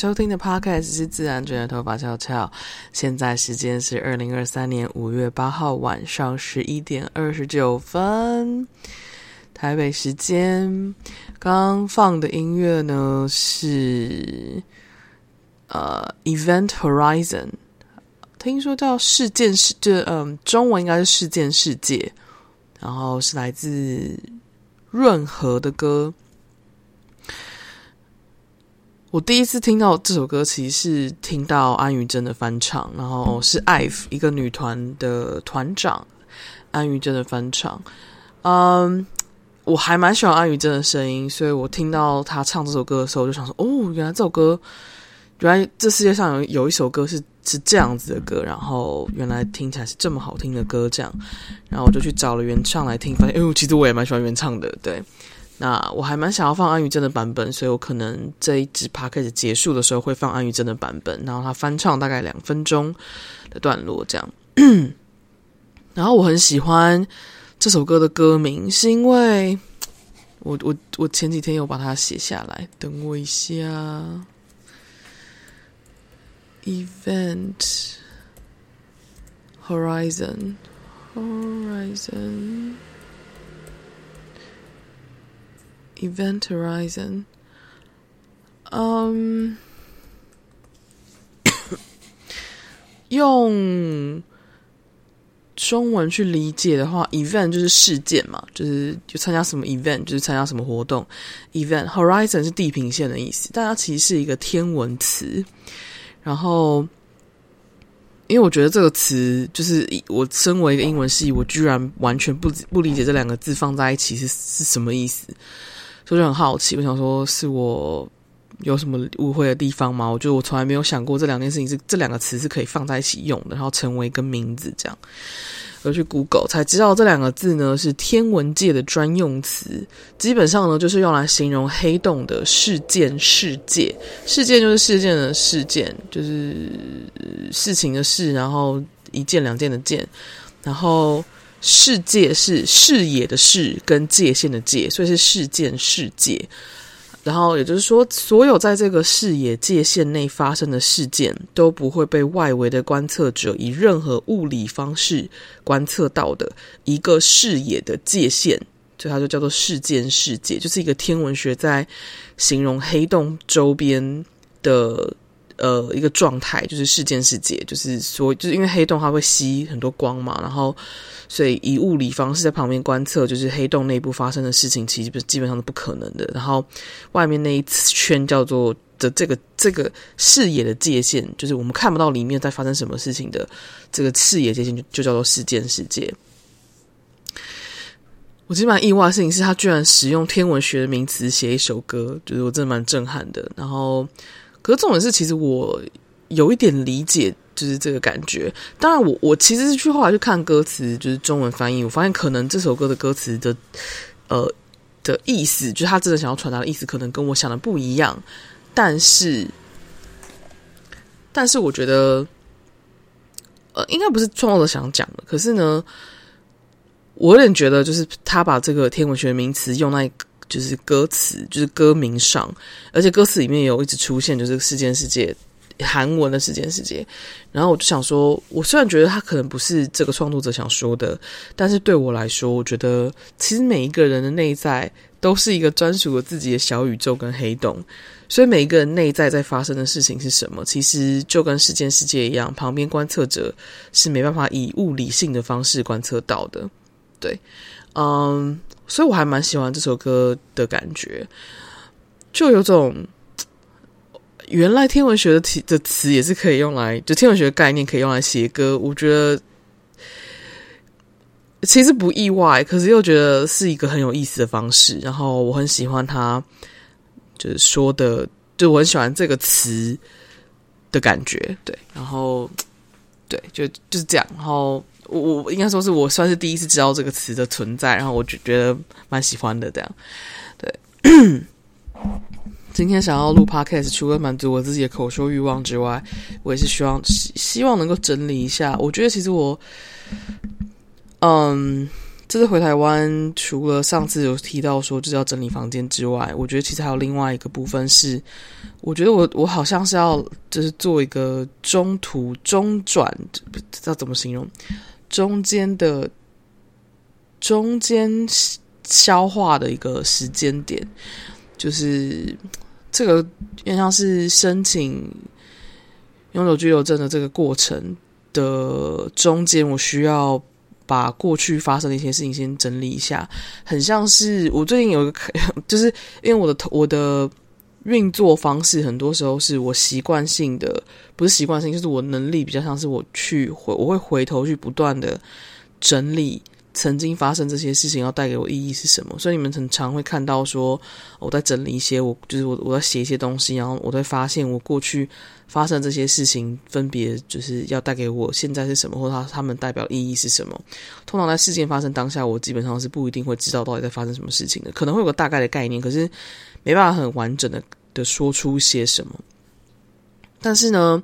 收聽的 Podcast 是自然卷的頭髮翹翹，現在時間是二零二三年五月八號晚上十一點二十九分，台北時間。剛剛放的音樂呢是呃 Event Horizon，聽說叫事件世界，嗯，中文應該是事件世界，然後是來自潤和的歌。我第一次聽到這首歌，其實是聽到安宥真的翻唱，然後是 IVE 一個女團的團長安宥真的翻唱。嗯、um，我還蠻喜歡安宥真的聲音，所以我聽到她唱這首歌的時候，我就想說，哦，原來這首歌，原來這世界上有有一首歌是是這樣子的歌，然後原來聽起來是這麼好聽的歌，這樣，然後我就去找了原唱來聽，反正哎、欸、其實我也蠻喜歡原唱的，對。那我還蠻想要放安於真的版本，所以我可能這一集 podcast 結束的時候會放安於真的版本，然後他翻唱大概兩分鐘的段落這樣。 然後我很喜歡這首歌的歌名，是因為我我我前幾天有把它寫下來，等我一下。Event Horizon Horizon Event Horizon，um, 用中文去理解的話，event 就是事件嘛，就是就參加什麼 event，就是參加什麼活動。Event Horizon 是地平線的意思，但它其實是一個天文詞。然後，因為我覺得這個詞，就是我身為一個英文系，我居然完全不不理解這兩個字放在一起是是什麼意思。所以就很好奇，我想說是我有什麼誤會的地方嗎？我覺得我從來沒有想過這兩件事情是這兩個詞是可以放在一起用的，然後成為一個名字這樣。我去 Google 才知道這兩個字呢是天文界的專用詞，基本上呢就是用來形容黑洞的事件視界。事件就是事件的事件，就是事情的事，然後一件兩件的件，然後。視界是視野的視跟界限的界，所以是事件視界。然後也就是說，所有在這個視野界限內發生的事件都不會被外圍的觀測者以任何物理方式觀測到的一個視野的界限，所以它就叫做事件視界，就是一個天文學在形容黑洞周邊的。呃，一個狀態就是事件視界，就是說，就是因為黑洞它會吸很多光嘛，然後所以以物理方式在旁邊觀測，就是黑洞內部發生的事情其實基本上是不可能的。然後外面那一圈叫做的這個這個視野的界限，就是我們看不到裡面在發生什麼事情的這個視野界限就，就叫做事件視界。我其實蠻意外的事情是他居然使用天文學的名詞寫一首歌，就是我真的蠻震撼的。然後。可是這種也是，其實我有一點理解，就是這個感覺。當然我，我我其實是去後來去看歌詞，就是中文翻譯，我發現可能這首歌的歌詞的，呃的意思，就是他真的想要傳達的意思，可能跟我想的不一樣。但是，但是我覺得，呃，應該不是創作者想講的。可是呢，我有點覺得，就是他把這個天文學名詞用那。就是歌詞，就是歌名上，而且歌詞裡面有一直出現，就是《事件視界》韓文的《事件視界》。然後我就想說，我雖然覺得他可能不是這個創作者想說的，但是對我來說，我覺得其實每一個人的內在都是一個專屬自己的小宇宙跟黑洞。所以，每一個人內在在發生的事情是什麼，其實就跟《事件視界》一樣，旁邊觀測者是沒辦法以物理性的方式觀測到的。對，嗯、um。所以，我還蠻喜歡這首歌的感覺，就有種原來天文學的詞的詞也是可以用來，就天文學的概念可以用來寫歌。我覺得其實不意外，可是又覺得是一個很有意思的方式。然後我很喜歡他，就是說的，就我很喜歡這個詞的感覺。對，然後對，就就是這樣。然後。我我應該說是我算是第一次知道這個詞的存在，然後我就覺得蠻喜歡的這樣。對， 今天想要錄 Podcast，除了滿足我自己的口說慾望之外，我也是希望希望能夠整理一下。我覺得其實我，嗯，這次回台灣，除了上次有提到說就是要整理房間之外，我覺得其實還有另外一個部分是，我覺得我我好像是要就是做一個中途中轉，不知道怎麼形容，中間的中間消化的一個時間點，就是這個，很像是申請永久居留證的這個過程的中間，我需要把過去發生的一些事情先整理一下。很像是我最近有一個，就是因為我的頭，我的。運作方式很多時候是我習慣性的，不是習慣性，就是我能力比較像是我去回，我會回頭去不斷的整理曾經發生這些事情要帶給我意義是什麼。所以你們很常會看到說我在整理一些，我就是我我在寫一些東西，然後我會發現我過去發生這些事情分別就是要帶給我現在是什麼，或者他他們代表意義是什麼。通常在事件發生當下，我基本上是不一定會知道到底在發生什麼事情的，可能會有個大概的概念，可是。沒辦法很完整的的說出些什麼，但是呢，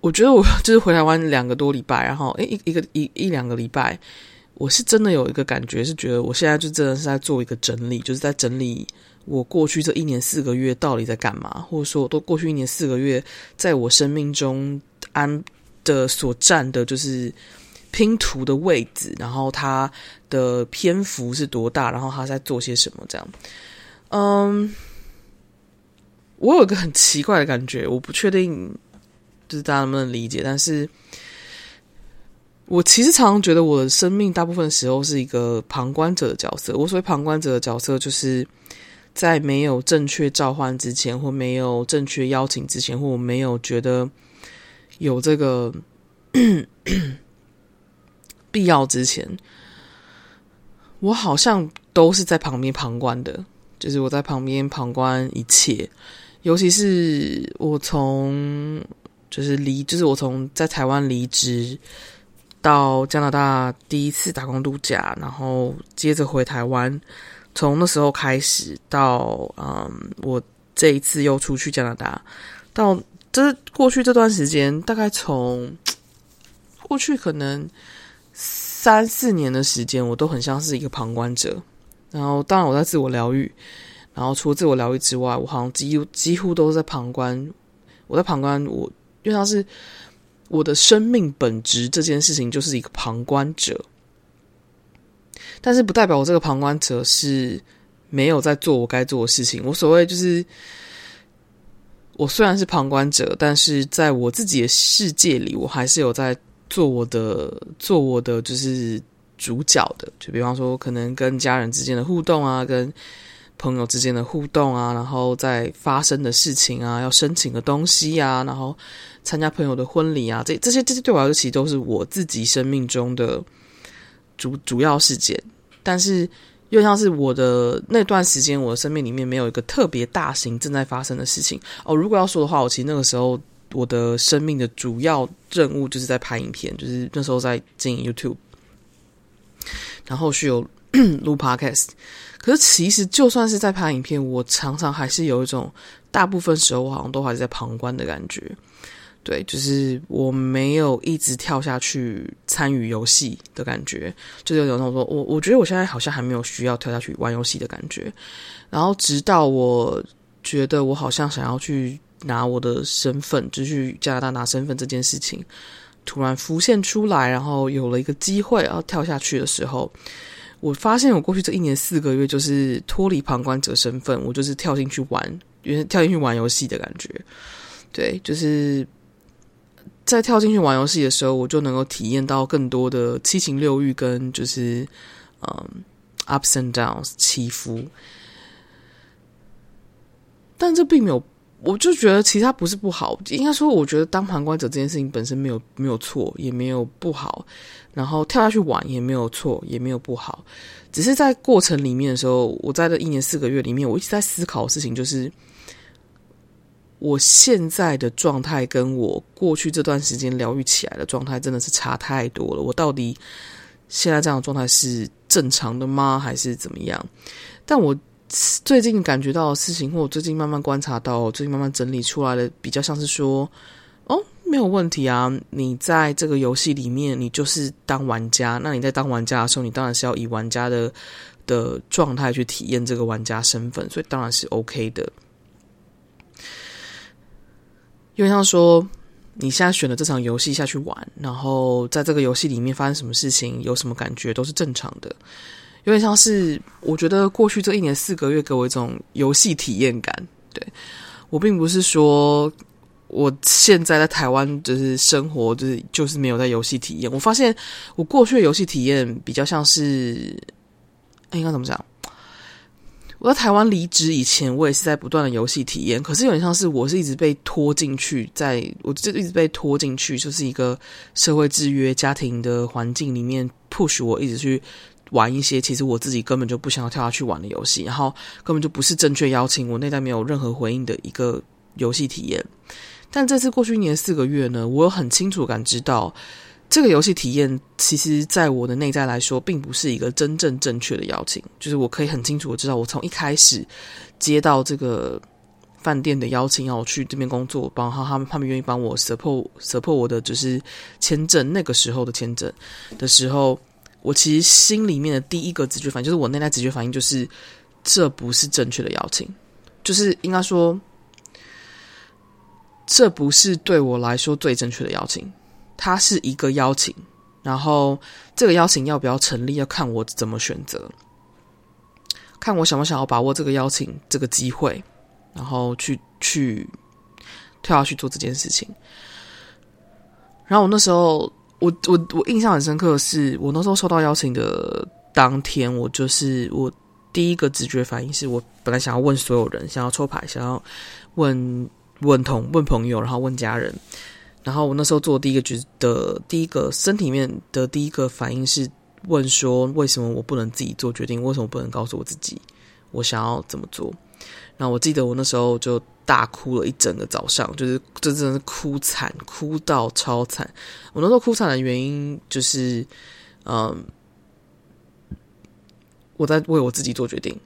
我覺得我就是回來玩兩個多禮拜，然後哎一一個一一一兩個禮拜，我是真的有一個感覺，是覺得我現在就真的是在做一個整理，就是在整理我過去這一年四個月到底在幹嘛，或者說我都過去一年四個月，在我生命中安的所占的就是。拼圖的位置，然後他的篇幅是多大，然後他在做些什麼？這樣，嗯，我有一個很奇怪的感覺，我不確定，就是大家能不能理解。但是，我其實常常覺得我的生命大部分的時候是一個旁觀者的角色。我所謂旁觀者的角色，就是在沒有正確召喚之前，或沒有正確邀請之前，或我沒有覺得有這個。 必要之前，我好像都是在旁邊旁觀的，就是我在旁邊旁觀一切，尤其是我從就是離，就是我從在台灣離職到加拿大第一次打工度假，然後接着回台灣，從那時候開始到嗯，我這一次又出去加拿大，到這過去這段時間，大概從過去可能。三四年的時間，我都很像是一個旁觀者。然後，當然我在自我療癒。然後，除了自我療癒之外，我好像幾乎幾乎都是在旁觀。我在旁觀我，因為他是我的生命本質這件事情，就是一個旁觀者。但是，不代表我這個旁觀者是沒有在做我該做的事情。我所謂就是，我雖然是旁觀者，但是在我自己的世界裡，我還是有在。做我的，做我的就是主角的，就比方說可能跟家人之間的互動啊，跟朋友之間的互動啊，然後在發生的事情啊，要申請的東西呀啊，然後參加朋友的婚禮啊，這這些這些對我來說其實都是我自己生命中的主主要事件。但是又像是我的那段時間，我的生命裡面沒有一個特別大型正在發生的事情哦。如果要說的話，我其實那個時候。我的生命的主要任務就是在拍影片，就是那時候在經營 YouTube，然後是有 錄 Podcast。可是其實就算是在拍影片，我常常還是有一種大部分時候我好像都還是在旁觀的感覺。對，就是我沒有一直跳下去參與遊戲的感覺，就是有那種說，我我覺得我現在好像還沒有需要跳下去玩遊戲的感覺。然後直到我覺得我好像想要去。拿我的身份，就去加拿大拿身份這件事情突然浮現出來，然後有了一個機會，然後跳下去的時候，我發現我過去這一年四個月就是脫離旁觀者身份，我就是跳進去玩，原跳進去玩遊戲的感覺，對，就是在跳進去玩遊戲的時候，我就能夠體驗到更多的七情六欲，跟就是嗯，ups and downs 起伏，但這並沒有。我就覺得其他不是不好，應該說，我覺得當旁觀者這件事情本身沒有沒有錯，也沒有不好，然後跳下去玩也沒有錯，也沒有不好，只是在過程裡面的時候，我在這一年四個月裡面，我一直在思考的事情就是，我現在的狀態跟我過去這段時間療癒起來的狀態真的是差太多了。我到底現在這樣的狀態是正常的嗎？還是怎麼樣？但我。最近感覺到的事情，或我最近慢慢觀察到，我最近慢慢整理出來的，比較像是說，哦，沒有問題啊。你在這個遊戲裡面，你就是當玩家，那你在當玩家的時候，你當然是要以玩家的的狀態去體驗這個玩家身份，所以當然是 OK 的。因為像說，你現在選了這場遊戲下去玩，然後在這個遊戲裡面發生什麼事情，有什麼感覺，都是正常的。有點像是，我覺得過去這一年四個月給我一種遊戲體驗感。對，我並不是說我現在在台灣就是生活就是就是沒有在遊戲體驗。我發現我過去的遊戲體驗比較像是，應該怎麼講？我在台灣離職以前，我也是在不斷的遊戲體驗。可是有點像是我是一直被拖進去，在我就一直被拖進去，就是一個社會制約、家庭的環境裡面 push，迫使我一直去玩一些其實我自己根本就不想要跳下去玩的遊戲，然後根本就不是正確邀請，我內在沒有任何回應的一個遊戲體驗。但這次過去一年四個月呢，我有很清楚感知到這個遊戲體驗，其實在我的內在來說，並不是一個真正正確的邀請。就是我可以很清楚我知道，我從一開始接到這個飯店的邀請，讓我去這邊工作，幫然後他們他們願意幫我 support support 我的就是簽證，那個時候的簽證的時候。我其實心裡面的第一個直覺反應，就是我內在直覺反應，就是這不是正確的邀請，就是應該說，這不是對我來說最正確的邀請。它是一個邀請，然後這個邀請要不要成立，要看我怎麼選擇，看我想不想要把握這個邀請這個機會，然後去去跳下去做這件事情。然後我那時候。我我我印象很深刻的是，我那時候收到邀請的當天，我就是我第一個直覺反應是，我本來想要問所有人，想要抽牌，想要問問同問朋友，然後問家人。然後我那時候做第一個覺得的，第一個身體面的，第一個反應是問說，為什麼我不能自己做決定？為什麼不能告訴我自己我想要怎麼做？然後我記得我那時候就。大哭了一整個早上，就是這真的是哭慘，哭到超慘。我那時候哭慘的原因就是，嗯，我在為我自己做決定，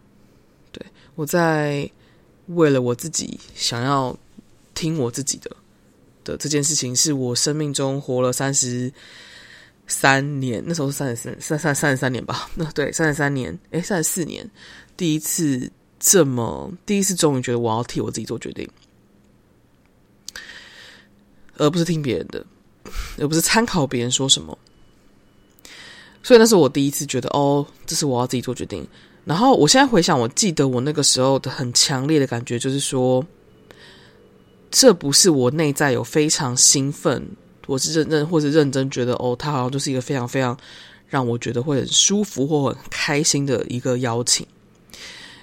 對，我在為了我自己想要聽我自己的的這件事情，是我生命中活了三十三年，那時候是三十三、三三三十三年吧？那對三十三年，誒，三十四年，第一次。這麼，第一次，終於覺得我要替我自己做決定，而不是聽別人的，而不是參考別人說什麼。所以那是我第一次覺得，哦，這是我要自己做決定。然後我現在回想，我記得我那個時候的很強烈的感覺，就是說，這不是我內在有非常興奮，我是認真或者認真覺得，哦，他好像就是一個非常非常讓我覺得會很舒服或很開心的一個邀請，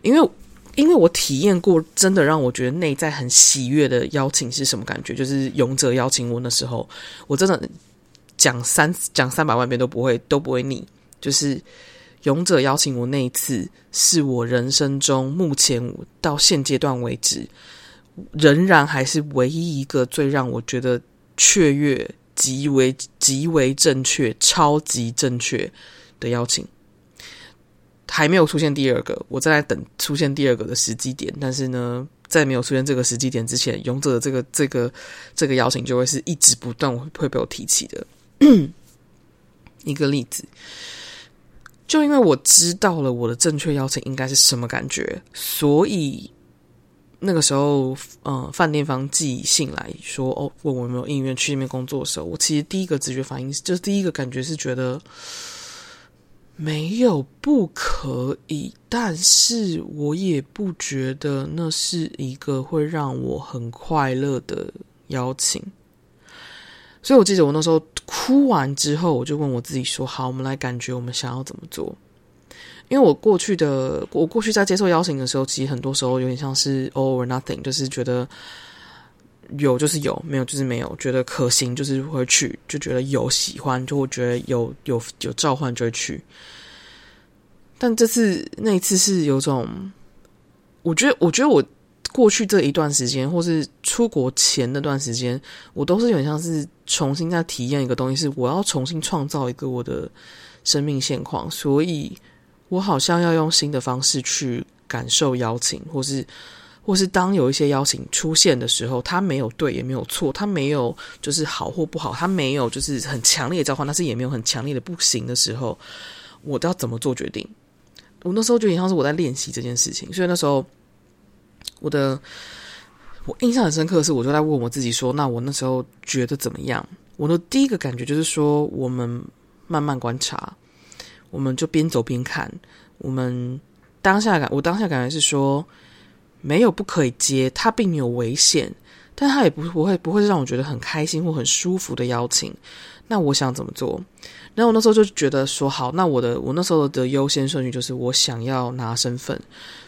因為。因為我體驗過，真的讓我覺得內在很喜悅的邀請是什麼感覺？就是勇者邀請我那時候，我真的講三講三百萬遍都不會都不會膩。就是勇者邀請我那一次，是我人生中目前到現階段為止，仍然還是唯一一個最讓我覺得雀躍、極為極為正確、超級正確的邀請。還沒有出現第二個，我在等出現第二個的時機點。但是呢，在沒有出現這個時機點之前，勇者的這個、這個、這個邀請就會是一直不斷會被我提起的 一個例子。就因為我知道了我的正確邀請應該是什麼感覺，所以那個時候，嗯、呃，飯店方寄信來說，哦，問我有沒有意願去那邊工作的時候，我其實第一個直覺反應就是第一個感覺是覺得。沒有不可以，但是我也不覺得那是一個會讓我很快樂的邀請。所以我記得我那時候哭完之後，我就問我自己說：“好，我們來感覺我們想要怎麼做？”因為我過去的，我過去在接受邀請的時候，其實很多時候有點像是 “all or nothing”，就是覺得。有就是有，沒有就是沒有。覺得可行就是會去，就覺得有喜歡，就會覺得有有有召喚就會去。但這次那一次是有種，我覺得我覺得我過去這一段時間，或是出國前那段時間，我都是很像是重新在體驗一個東西，是我要重新創造一個我的生命現況，所以我好像要用新的方式去感受邀請，或是。或是當有一些邀請出現的時候，它沒有對也沒有錯，它沒有就是好或不好，它沒有就是很強烈的召喚，但是也沒有很強烈的不行的時候，我都要怎麼做決定？我那時候覺得像是我在練習這件事情，所以那時候我的我印象很深刻的是，我就在問我自己說：“那我那時候覺得怎麼樣？”我的第一個感覺就是說，我們慢慢觀察，我們就邊走邊看，我們當下感，我當下感覺是說。沒有不可以接，他並沒有危險，但他也不不會不會讓我覺得很開心或很舒服的邀請。那我想怎麼做？那我那時候就覺得說，好，那我的我那時候的優先順序就是我想要拿身份，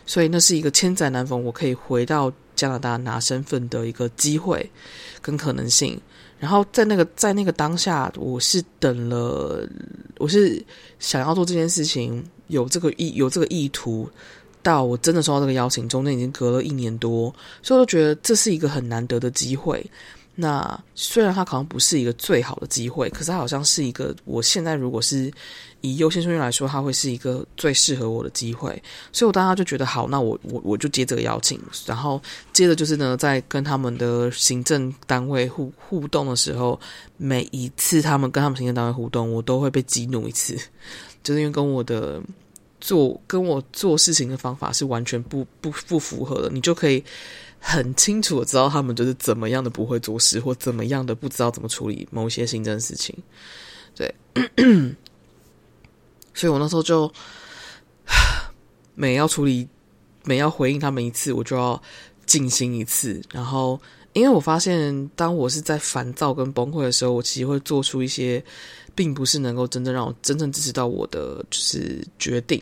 所以那是一個千載難逢，我可以回到加拿大拿身份的一個機會跟可能性。然後在那個在那個當下，我是等了，我是想要做這件事情，有這個，有這個意有這個意圖。到我真的收到這個邀請，中間已經隔了一年多，所以我就覺得這是一個很難得的機會。那雖然它可能不是一個最好的機會，可是它好像是一個我現在如果是以優先順序來說，它會是一個最適合我的機會。所以我當時就覺得，好，那我我我就接這個邀請。然後接着就是呢，在跟他們的行政單位互互動的時候，每一次他們跟他們行政單位互動，我都會被激怒一次，就是因為跟我的。做跟我做事情的方法是完全不不不符合的，你就可以很清楚的知道他們就是怎麼樣的不會做事，或怎麼樣的不知道怎麼處理某些行政事情。對， 所以我那時候就每要處理、每要回應他們一次，我就要進行一次，然後。因為我發現，當我是在煩躁跟崩潰的時候，我其實會做出一些，並不是能夠真正讓我真正支持到我的就是決定。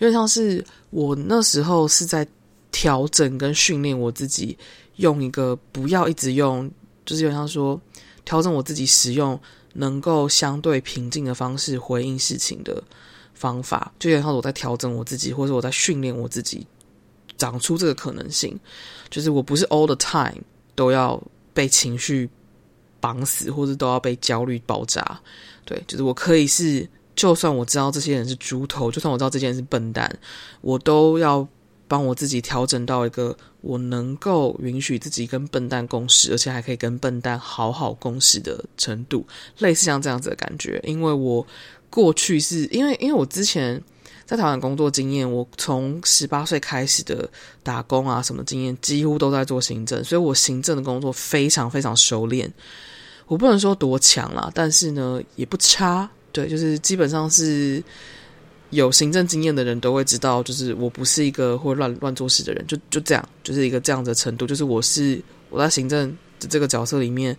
因為像是我那時候是在調整跟訓練我自己，用一個不要一直用，就是有點像說，調整我自己使用能夠相對平靜的方式回應事情的方法，就有點像我在調整我自己，或者是我在訓練我自己長出這個可能性，就是我不是 all the time。都要被情緒綁死，或是都要被焦慮爆炸。對，就是我可以是，就算我知道這些人是豬頭，就算我知道這些人是笨蛋，我都要幫我自己調整到一個我能夠允許自己跟笨蛋共事，而且還可以跟笨蛋好好共事的程度，類似像這樣子的感覺。因為我過去是因為，因為我之前。在台灣工作經驗，我從十八歲開始的打工啊，什麼經驗幾乎都在做行政，所以我行政的工作非常非常熟練。我不能說多強啦，但是呢也不差。對，就是基本上是有行政經驗的人都會知道，就是我不是一個會亂亂做事的人，就就這樣，就是一個這樣的程度。就是我是我在行政的這個角色裡面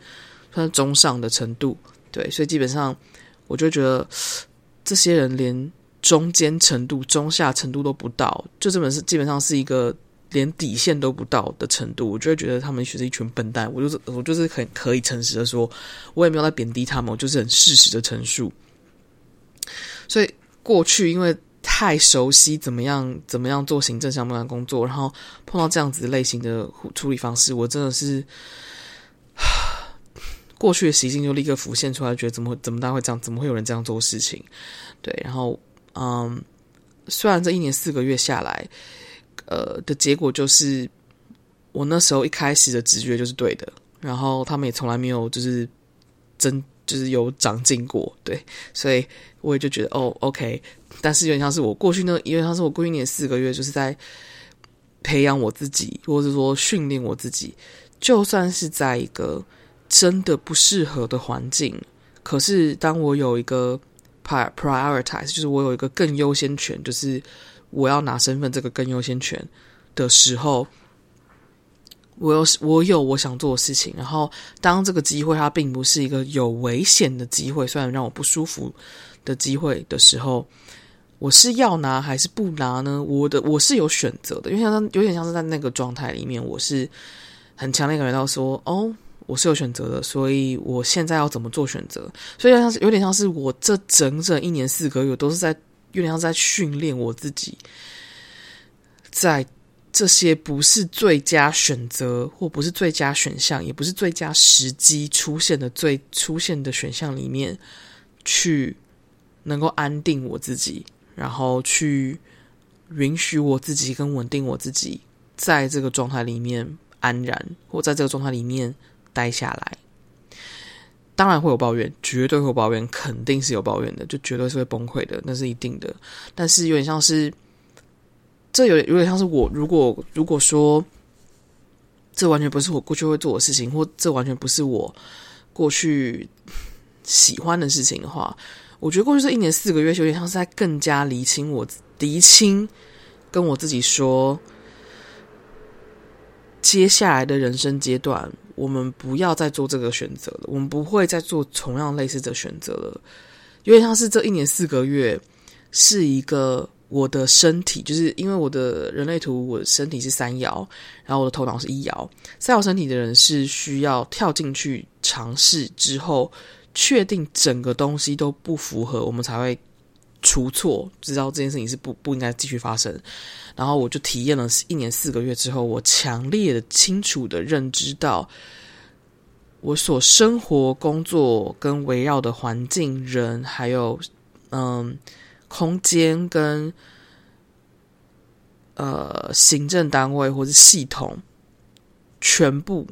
算是中上的程度。對，所以基本上我就覺得這些人連。中間程度、中下程度都不到，就這本是基本上是一個連底線都不到的程度，我就會覺得他們其實是一群笨蛋。我就是我就是很可以誠實的說，我也沒有在貶低他們，我就是很事實的陳述。所以過去因為太熟悉怎麼樣怎麼樣做行政相關工作，然後碰到這樣子類型的處理方式，我真的是過去的習性就立刻浮現出來，覺得怎麼怎麼大會這樣，怎麼會有人這樣做事情？對，然後。嗯、um，雖然這一年四個月下來，呃，的結果就是我那時候一開始的直覺就是對的，然後他們也從來沒有就是真就是有長進過，對，所以我也就覺得哦，OK。但是有點像是我過去那，有點像是我過去一年四個月就是在培養我自己，或者說訓練我自己，就算是在一個真的不適合的環境，可是當我有一個。pr prioritize 就是我有一個更優先權，就是我要拿身份這個更優先權的時候，我有我有我想做的事情。然後當這個機會它並不是一個有危險的機會，雖然讓我不舒服的機會的時候，我是要拿還是不拿呢？我的我是有選擇的，因為像有點像是在那個狀態裡面，我是很強烈感覺到說哦。我是有選擇的，所以我現在要怎麼做選擇？所以，要像是有點像是我這整整一年四個月，都是在有點像在訓練我自己，在這些不是最佳選擇或不是最佳選項，也不是最佳時機出現的最出現的選項裡面，去能夠安定我自己，然後去允許我自己跟穩定我自己在這個狀態裡面安然，或在這個狀態裡面。待下來，當然會有抱怨，絕對會有抱怨，肯定是有抱怨的，就絕對是會崩潰的，那是一定的。但是有點像是，這有點有點像是我，如果如果說，這完全不是我過去會做的事情，或這完全不是我過去喜歡的事情的話，我覺得過去這一年四個月，就有點像是在更加釐清我，釐清跟我自己說，接下來的人生階段。我們不要再做這個選擇了，我們不會再做同樣類似的選擇了。有點像是這一年四個月是一個我的身體，就是因為我的人類圖，我的身體是三爻，然後我的頭腦是一爻。三爻身體的人是需要跳進去嘗試之後，確定整個東西都不符合，我們才會。出錯，知道這件事情是不不應該繼續發生，然後我就體驗了一年四個月之後，我強烈的、清楚的認知到，我所生活、工作跟圍繞的環境、人，還有嗯，空間跟呃行政單位或是系統，全部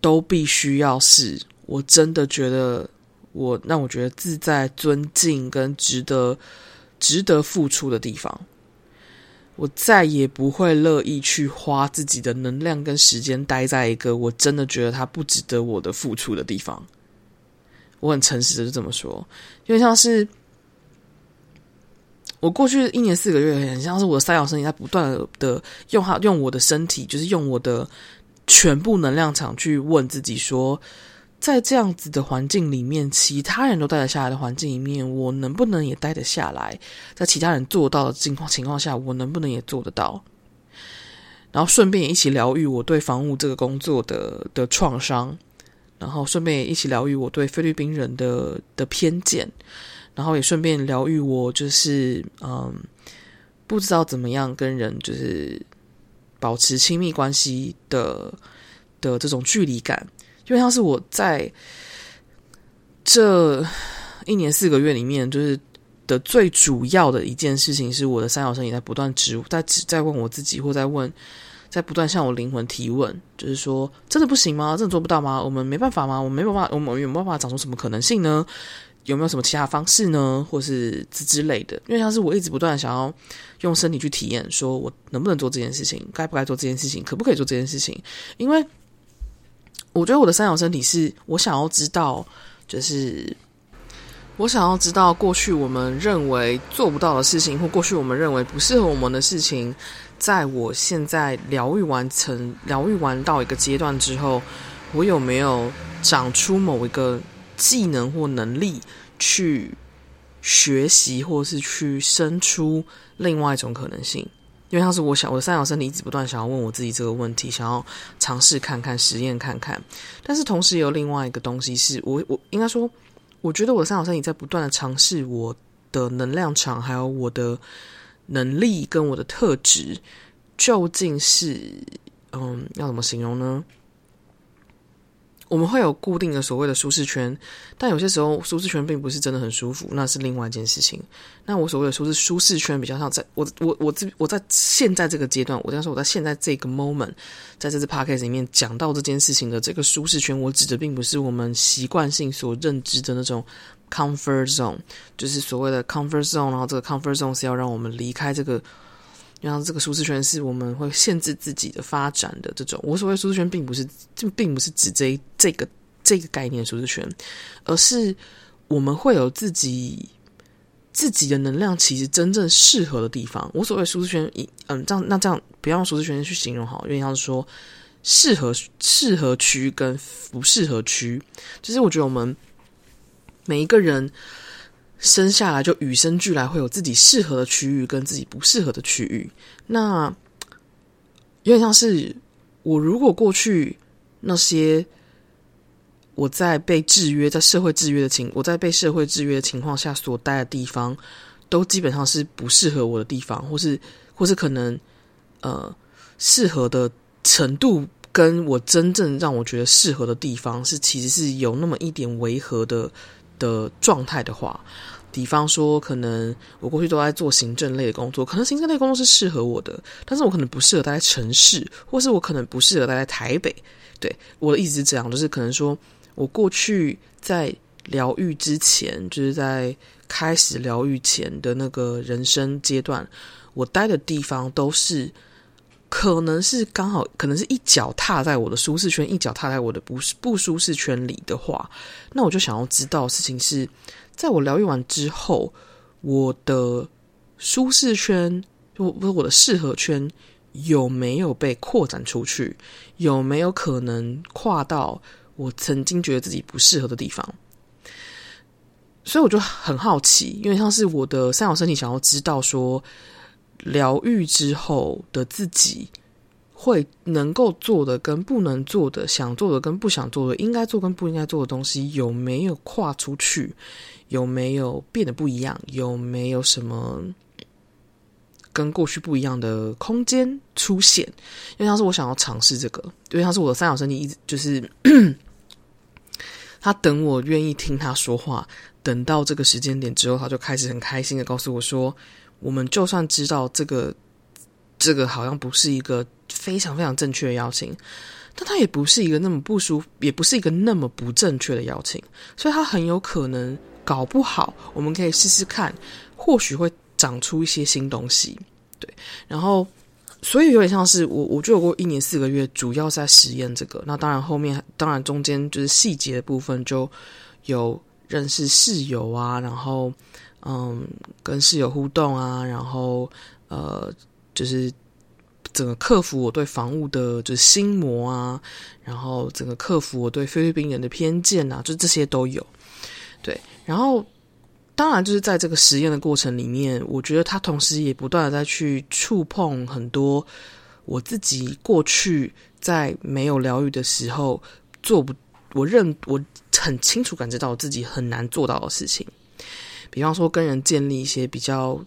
都必須要是我真的覺得。我讓我覺得自在、尊敬跟值得、值得付出的地方，我再也不會樂意去花自己的能量跟時間待在一個我真的覺得他不值得我的付出的地方。我很誠實的就這麼說，因為像是我過去一年四個月，很像是我的三角身體在不斷的用它，用我的身體，就是用我的全部能量場去問自己說。在這樣子的環境裡面，其他人都待得下來的環境裡面，我能不能也待得下來？在其他人做到的情況情況下，我能不能也做得到？然後順便也一起療癒我對房務這個工作的的創傷，然後順便也一起療癒我對菲律賓人的的偏見，然後也順便療癒我就是嗯，不知道怎麼樣跟人就是保持親密關係的的這種距離感。因為像是我在這一年四個月裡面，就是的最主要的一件事情，是我的三小生也在不斷直在直在問我自己，或在問，在不斷向我靈魂提問，就是說真的不行嗎？真的做不到嗎？我們沒辦法嗎？我們沒有辦法，我們有沒有辦法長出什麼可能性呢？有沒有什麼其他方式呢？或是之之類的？因為像是我一直不斷想要用身體去體驗，說我能不能做這件事情？該不該做這件事情？可不可以做這件事情？因為。我覺得我的三角身體是我想要知道，就是我想要知道，過去我們認為做不到的事情，或過去我們認為不適合我們的事情，在我現在療癒完成、療癒完到一個階段之後，我有沒有長出某一個技能或能力，去學習，或是去生出另外一種可能性？因為他是我想，我的三角身體一直不斷想要問我自己這個問題，想要嘗試看看、實驗看看。但是同時也有另外一個東西是，是我我應該說，我覺得我的三角身體在不斷的嘗試我的能量場，還有我的能力跟我的特質，究竟是嗯，要怎麼形容呢？我們會有固定的所謂的舒適圈，但有些時候舒適圈並不是真的很舒服，那是另外一件事情。那我所謂的舒適舒適圈，比較像在我我我這我在現在這個階段，我這樣說，我在現在這個 moment，在這次 podcast 裡面講到這件事情的這個舒適圈，我指的並不是我們習慣性所認知的那種 comfort zone，就是所謂的 comfort zone，然後這個 comfort zone 是要讓我們離開這個。然後，這個舒適圈是我們會限制自己的發展的這種。我所謂舒適圈，並不是這，並不是指這，這一個這個這個概念的舒適圈，而是我們會有自己自己的能量，其實真正適合的地方。我所謂舒適圈，嗯、呃，這樣那這樣不要用舒適圈去形容好，因為他說適合適合區跟不適合區，就是我覺得我們每一個人。生下來就與生俱來會有自己適合的區域跟自己不適合的區域，那有點像是我如果過去那些我在被制約、在社會制約的情，我在被社會制約的情況下所待的地方，都基本上是不適合我的地方，或是或是可能呃適合的程度，跟我真正讓我覺得適合的地方是，是其實是有那麼一點違和的。的狀態的話，比方說，可能我過去都在做行政類的工作，可能行政類工作是適合我的，但是我可能不適合待在城市，或是我可能不適合待在台北。對，我一直講，就是可能說我過去在療癒之前，就是在開始療癒前的那個人生階段，我待的地方都是。可能是剛好，可能是一腳踏在我的舒適圈，一腳踏在我的不不舒適圈裡的話，那我就想要知道的事情是在我療癒完之後，我的舒適圈，不我，我的適合圈，有沒有被擴展出去？有沒有可能跨到我曾經覺得自己不適合的地方？所以我就很好奇，因為像是我的三角身體想要知道說。療癒之後的自己，會能夠做的跟不能做的，想做的跟不想做的，應該做跟不應該做的東西，有沒有跨出去？有沒有變得不一樣？有沒有什麼跟過去不一樣的空間出現？因為他是我想要嘗試這個，因為他是我的三角身體，一直就是 他等我願意聽他說話，等到這個時間點之後，他就開始很開心地告訴我說。我們就算知道這個，這個好像不是一個非常非常正確的邀請，但它也不是一個那麼不舒服，也不是一個那麼不正確的邀請，所以它很有可能，搞不好我們可以試試看，或許會長出一些新東西。對，然後，所以有點像是我，我就有過一年四個月，主要是在實驗這個。那當然後面，當然中間就是細節的部分，就有認識室友啊，然後。嗯，跟室友互動啊，然後呃，就是整個克服我對防務的，就是心魔啊，然後整個克服我對菲律賓人的偏見啊，就這些都有。對，然後當然就是在這個實驗的過程裡面，我覺得他同時也不斷的在去觸碰很多我自己過去在沒有療癒的時候做不，我認我很清楚感覺到我自己很難做到的事情，比方說，跟人建立一些比較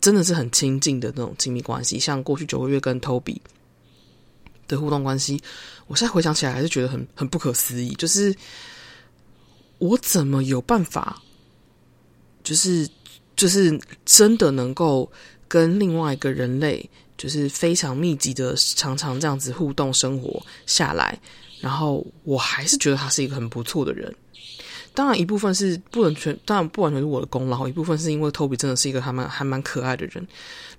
真的是很親近的那種親密關係，像過去九個月跟 Toby 的互動關係，我現在回想起來還是覺得很很不可思議。就是我怎麼有辦法，就是就是真的能夠跟另外一個人類，就是非常密集的常常這樣子互動生活下來，然後我還是覺得他是一個很不錯的人。當然，一部分是不能全，當然不完全是我的功勞。一部分是因為 Toby 真的是一個還蠻還蠻可愛的人。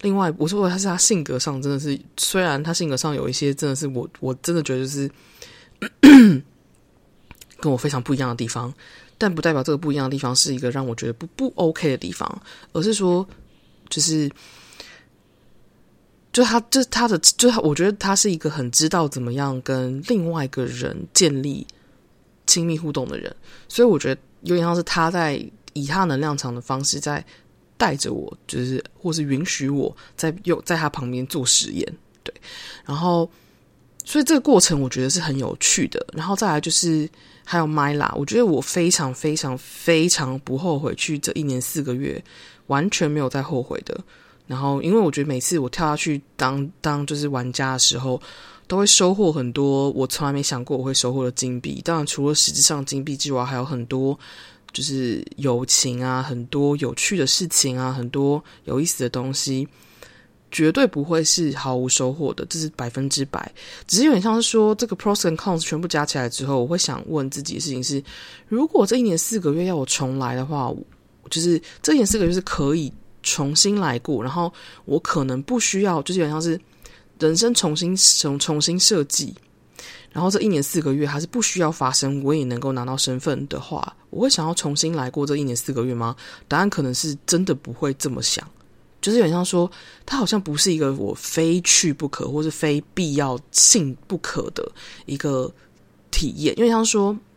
另外，我是說他是他性格上真的是，雖然他性格上有一些真的是我我真的覺得就是 跟我非常不一樣的地方，但不代表這個不一樣的地方是一個讓我覺得不不 OK 的地方，而是說就是就他就他的就他我覺得他是一個很知道怎麼樣跟另外一個人建立親密互動的人，所以我覺得有點像是他在以他能量場的方式在帶着我，就是或是允許我在又在他旁邊做實驗，對。然後，所以這個過程我覺得是很有趣的。然後再來就是還有 Mila，我覺得我非常非常非常不後悔去這一年四個月，完全沒有再後悔的。然後，因為我覺得每次我跳下去當當就是玩家的時候。都會收穫很多，我從來沒想過我會收穫的金幣。當然，除了實質上金幣之外，還有很多就是友情啊，很多有趣的事情啊，很多有意思的東西，絕對不會是毫無收穫的，這是百分之百。只是有點像是說，這個 pros and cons 全部加起來之後，我會想問自己的事情是：如果這一年四個月要我重來的話，就是這一年四個月是可以重新來過，然後我可能不需要，就是有點像是。人生重新重重新設計，然後這一年四個月，還是不需要發生，我也能夠拿到身份的話，我會想要重新來過這一年四個月嗎？答案可能是真的不會這麼想，就是有點像說，它好像不是一個我非去不可，或是非必要性不可的一個體驗。因為像說，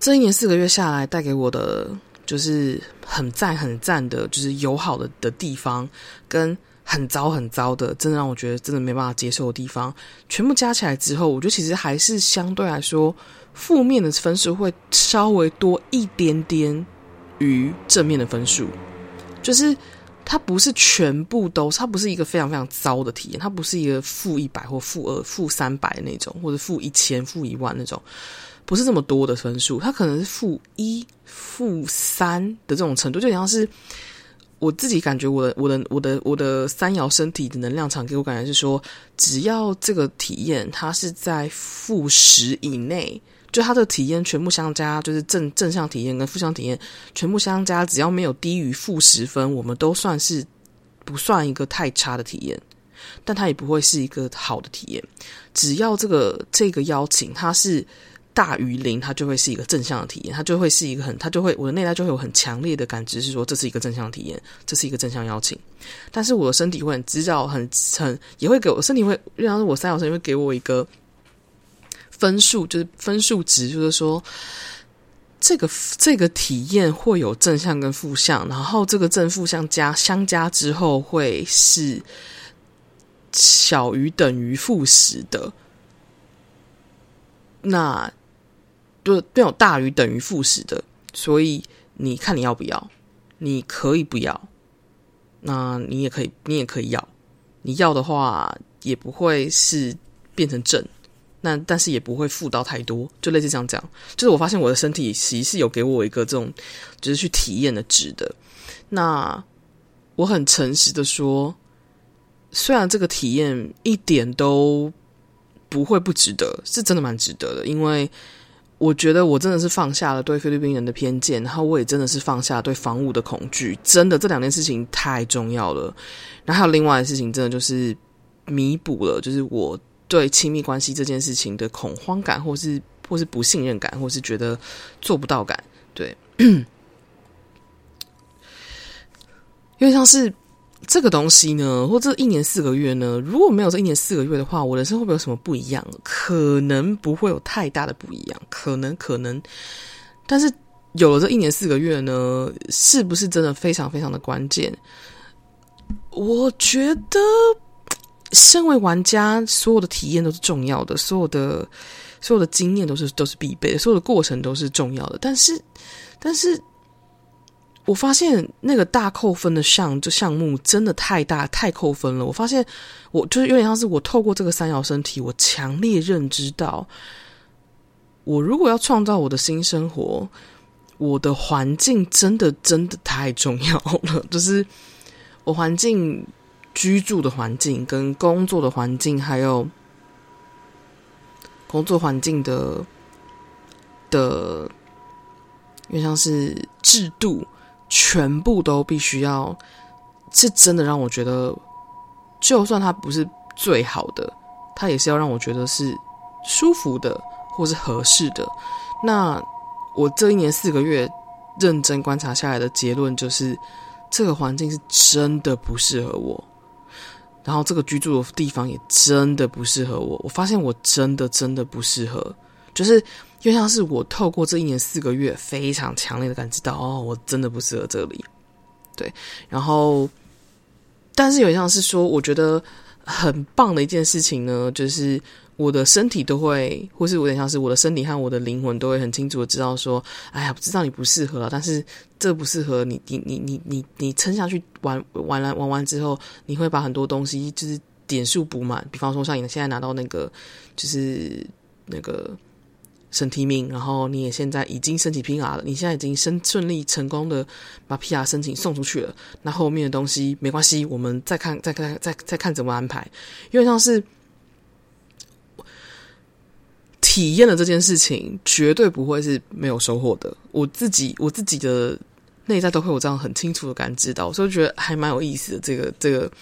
這一年四個月下來帶給我的，就是很讚很讚的，就是友好的的地方跟。很糟很糟的，真的讓我覺得真的沒辦法接受的地方，全部加起來之後，我覺得其實還是相對來說，負面的分數會稍微多一點點於正面的分數。就是它不是全部都，它不是一個非常非常糟的體驗，它不是一個負一百或負二、負三百那種，或者負一千、負一萬那種，不是這麼多的分數，它可能是負一、負三的這種程度，就等於是。我自己感覺我的，我的我的我的我的三爻身體的能量場給我感覺是說，只要這個體驗它是在負十以內，就它的體驗全部相加，就是正正向體驗跟負向體驗全部相加，只要沒有低於負十分，我們都算是不算一個太差的體驗，但它也不會是一個好的體驗。只要這個這個邀請它是。大於零，它就會是一個正向的體驗，它就會是一個很，它就會我的內在就會有很強烈的感知，是說這是一個正向的體驗，這是一個正向邀請。但是我的身體會很計較，很很也會給我身體會，然後我三角形會給我一個分數，就是分數值，就是說這個這個體驗會有正向跟負向，然後這個正負向加相加之後會是小於等於負十的。那對對有大於等於負十的，所以你看你要不要？你可以不要，那你也可以，你也可以要。你要的話，也不會是變成正，那但是也不會負到太多。就類似這樣講，就是我發現我的身體其實是有給我一個這種，就是去體驗的值得。那我很誠實的說，雖然這個體驗一點都不會不值得，是真的蠻值得的，因為。我覺得我真的是放下了對菲律賓人的偏見，然後我也真的是放下了對房屋的恐懼，真的這兩件事情太重要了。然後還有另外的事情，真的就是彌補了，就是我對親密關係這件事情的恐慌感，或是或是不信任感，或是覺得做不到感，對， 因為像是。這個東西呢，或者這一年四個月呢？如果沒有這一年四個月的話，我人生會不會有什麼不一樣？可能不會有太大的不一樣，可能可能。但是有了這一年四個月呢，是不是真的非常非常的關鍵？我覺得，身為玩家，所有的體驗都是重要的，所有的所有的經驗都是都是必備的，所有的過程都是重要的。但是，但是。我發現那個大扣分的項，就項目真的太大，太扣分了。我發現我，我就是有點像是我透過這個三遙身體，我強烈認知到，我如果要創造我的新生活，我的環境真的真的太重要了。就是我環境居住的環境，跟工作的環境，還有工作環境的的，有點像是制度。全部都必須要，是真的讓我覺得，就算它不是最好的，它也是要讓我覺得是舒服的或是合適的。那我這一年四個月認真觀察下來的結論就是，這個環境是真的不適合我，然後這個居住的地方也真的不適合我。我發現我真的真的不適合，就是。就像是我透過這一年四個月，非常強烈的感知到，哦，我真的不適合這裡。對，然後，但是有點像是說，我覺得很棒的一件事情呢，就是我的身體都會，或是有點像是我的身體和我的靈魂都會很清楚的知道說，哎呀，我知道你不適合啊，但是這不適合你，你你你你你撐下去玩玩完玩完之後，你會把很多東西就是點數補滿，比方說像你現在拿到那個，就是那個。審提名，然後你也現在已經申請 PR 了，你現在已經申順利成功的把 PR 申請送出去了。那後面的東西沒關係，我們再看，再看，再再，再看怎麼安排。因為像是體驗了這件事情，絕對不會是沒有收穫的。我自己我自己的內在都會有這樣很清楚的感知到，所以覺得還蠻有意思的。這個這個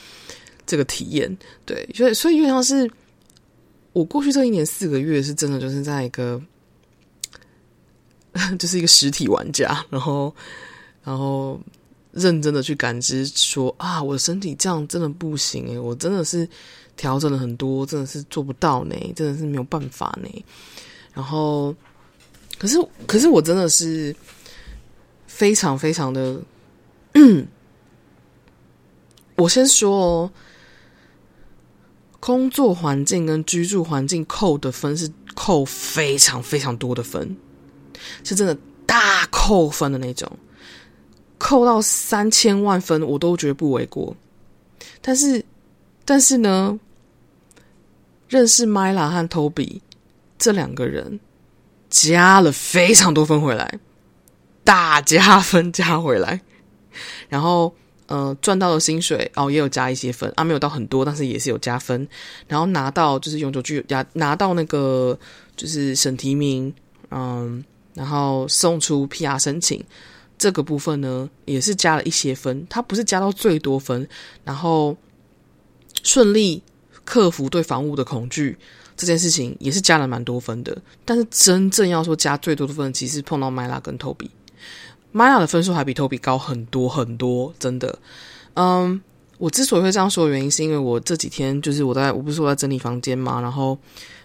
這個體驗，對，所以所以因為像是我過去這一年四個月，是真的就是在一個。 就是一個實體玩家，然後，然後認真的去感知說，說啊，我的身體這樣真的不行哎、欸，我真的是調整了很多，真的是做不到呢，真的是沒有辦法呢。然後，可是，可是我真的是非常非常的…… 我先說哦，工作環境跟居住環境扣的分是扣非常非常多的分。是真的大扣分的那種，扣到三千萬分我都覺得不為過。但是，但是呢，認識 Mila 和 Toby 這兩個人，加了非常多分回來，大加分加回來。然後，呃，賺到了薪水哦，也有加一些分，啊，沒有到很多，但是也是有加分。然後拿到就是永久居，拿拿到那個就是省提名，嗯。然後送出 PR 申請這個部分呢，也是加了一些分，它不是加到最多分。然後順利克服對房屋的恐懼這件事情，也是加了蠻多分的。但是真正要說加最多的分，其實碰到麥拉跟托比，麥拉的分數還比托比高很多很多，真的，嗯。我之所以會這樣說的原因，是因為我這幾天就是我在我不是我在整理房間嘛，然後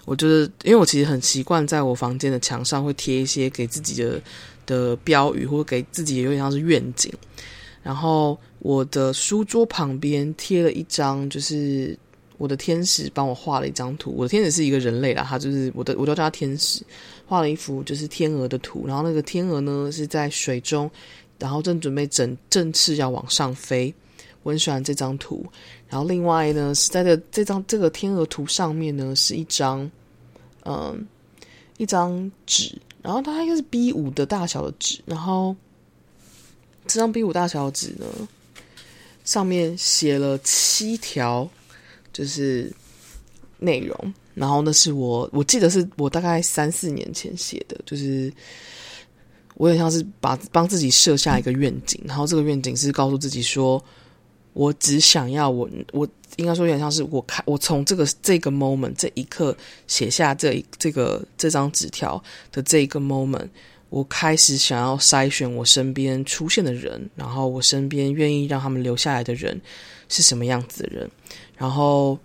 我就是因為我其實很習慣在我房間的牆上會貼一些給自己的的標語，或者給自己也有點像是願景。然後我的書桌旁邊貼了一張，就是我的天使幫我畫了一張圖。我的天使是一個人類啦，他就是我的，我就叫他天使，畫了一幅就是天鵝的圖。然後那個天鵝呢是在水中，然後正準備整振翅要往上飛。我很喜歡這張圖，然後另外呢是在這個、這張這個天鵝圖上面呢是一張嗯一張紙，然後它應該是 B 五的大小的紙，然後這張 B 五大小的紙呢上面寫了七條就是內容，然後那是我我記得是我大概三四年前寫的，就是我也像是把幫自己設下一個願景，然後這個願景是告訴自己說，我只想要我，我應該說有點像是我開我從這個這個 moment 這一刻寫下這這個這張紙條的這一個 moment，我開始想要篩選我身邊出現的人，然後我身邊願意讓他們留下來的人是什麼樣子的人。然後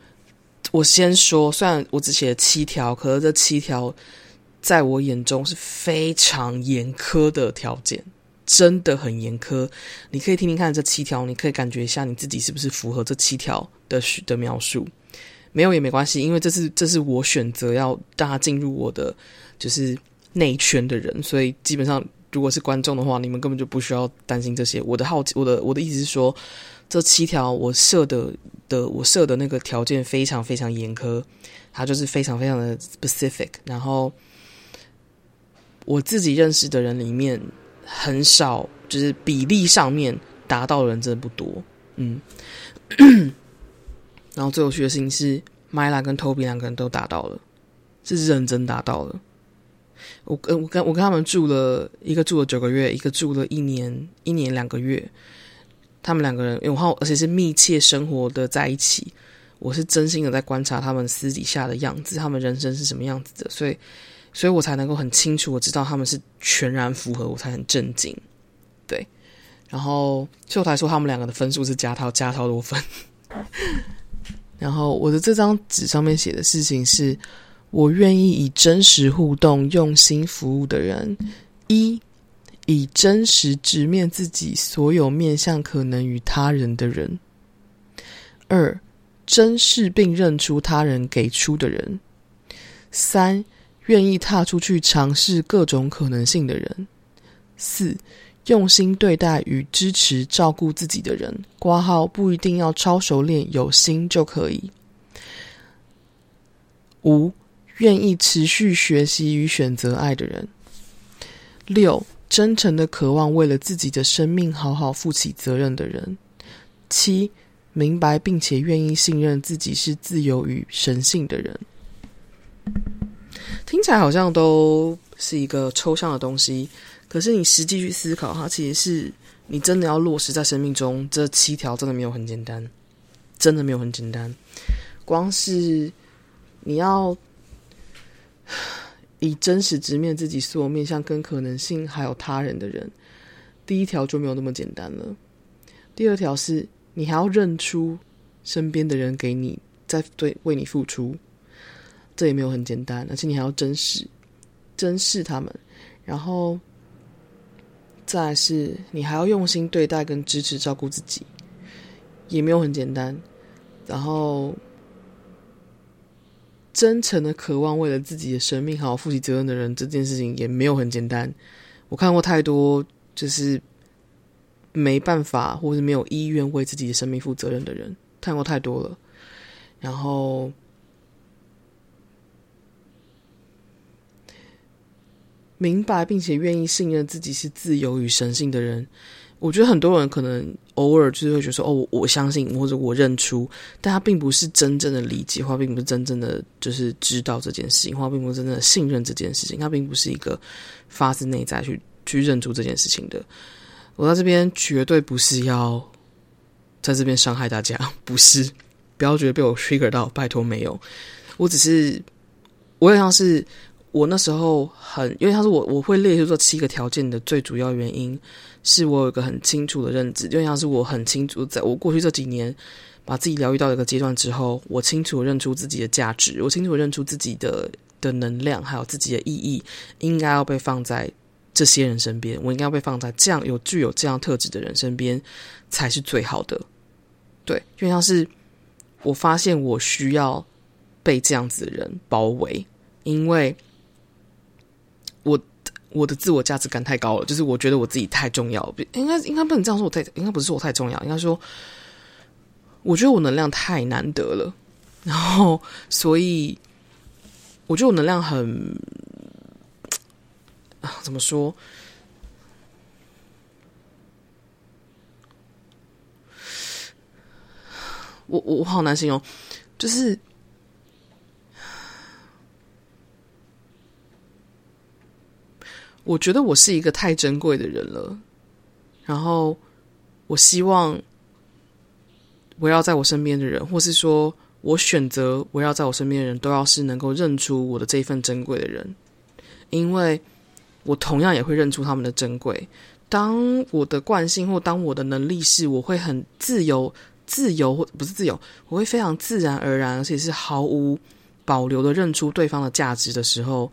我先說，雖然我只寫了七條，可是這七條在我眼中是非常嚴苛的條件。真的很嚴苛，你可以聽聽看這七條，你可以感覺一下你自己是不是符合這七條的的描述。沒有也沒關係，因為這是這是我選擇要大家進入我的就是內圈的人，所以基本上如果是觀眾的話，你們根本就不需要擔心這些。我的好奇，我的我的意思是說，這七條我設的的我設的那個條件非常非常嚴苛，它就是非常非常的 specific。然後我自己認識的人裡面。很少，就是比例上面達到的人真的不多，嗯。 然後最有趣的事情是，Mila 跟 Toby 兩個人都達到了，是認真達到了。我跟我跟我跟他們住了一個住了九個月，一個住了一年一年兩個月。他們兩個人因為我和我有，而且是密切生活的在一起。我是真心的在觀察他們私底下的樣子，他們人生是什麼樣子的，所以。所以我才能夠很清楚，我知道他們是全然符合，我才很震驚。對，然後秀才說他們兩個的分數是加超加超多分。 然後我的這張紙上面寫的事情是：我願意以真實互動、用心服務的人；一以真實直面自己所有面向可能與他人的人；二珍視並認出他人給出的人；三。願意踏出去嘗試各種可能性的人；四，用心對待與支持照顧自己的人；掛號不一定要超熟練，有心就可以。五，願意持續學習與選擇愛的人；六，真誠的渴望為了自己的生命好好負起責任的人；七，明白並且願意信任自己是自由與神性的人。聽起來好像都是一個抽象的東西，可是你實際去思考，它其實是你真的要落實在生命中。這七條真的沒有很簡單，真的沒有很簡單。光是你要以真實直面自己所有面向跟可能性，還有他人的人，第一條就沒有那麼簡單了。第二條是你還要認出身邊的人給你，在對，為你付出。這也沒有很簡單，而且你還要珍視、珍視他們，然後再來是你還要用心對待跟支持照顧自己，也沒有很簡單。然後，真誠的渴望為了自己的生命好負起責任的人，這件事情也沒有很簡單。我看過太多，就是沒辦法，或是沒有意願為自己的生命負責任的人，看過太多了。然後。明白並且願意信任自己是自由與神性的人，我覺得很多人可能偶爾就是會覺得說：“哦，我，我相信或者我認出”，但他並不是真正的理解，或者並不是真正的就是知道這件事情，或者並不是真正的信任這件事情。他並不是一個發自內在去去認出這件事情的。我在這邊絕對不是要在這邊傷害大家，不是，不要覺得被我 trigger 到，拜托沒有，我只是我也像是。我那時候很，因為像是我，我會列出這七個條件的最主要原因，是我有一個很清楚的認知，就像是我很清楚，在我過去這幾年把自己療癒到一個階段之後，我清楚認出自己的價值，我清楚認出自己的的能量，還有自己的意義，應該要被放在這些人身邊，我應該要被放在這樣有具有這樣特質的人身邊才是最好的。對，因為像是我發現我需要被這樣子的人包圍，因為。我我的自我價值感太高了，就是我覺得我自己太重要，應該應該不能這樣說，我太應該不是我太重要，應該說，我覺得我能量太難得了，然後所以我覺得我能量很、啊、怎麼說？我我我好難形容，就是。我覺得我是一個太珍貴的人了，然後我希望圍繞在我身邊的人，或是說我選擇圍繞在我身邊的人，都要是能夠認出我的這份珍貴的人，因為我同樣也會認出他們的珍貴。當我的慣性或當我的能力是，我會很自由，自由或不是自由，我會非常自然而然，而且是毫無保留的認出對方的價值的時候。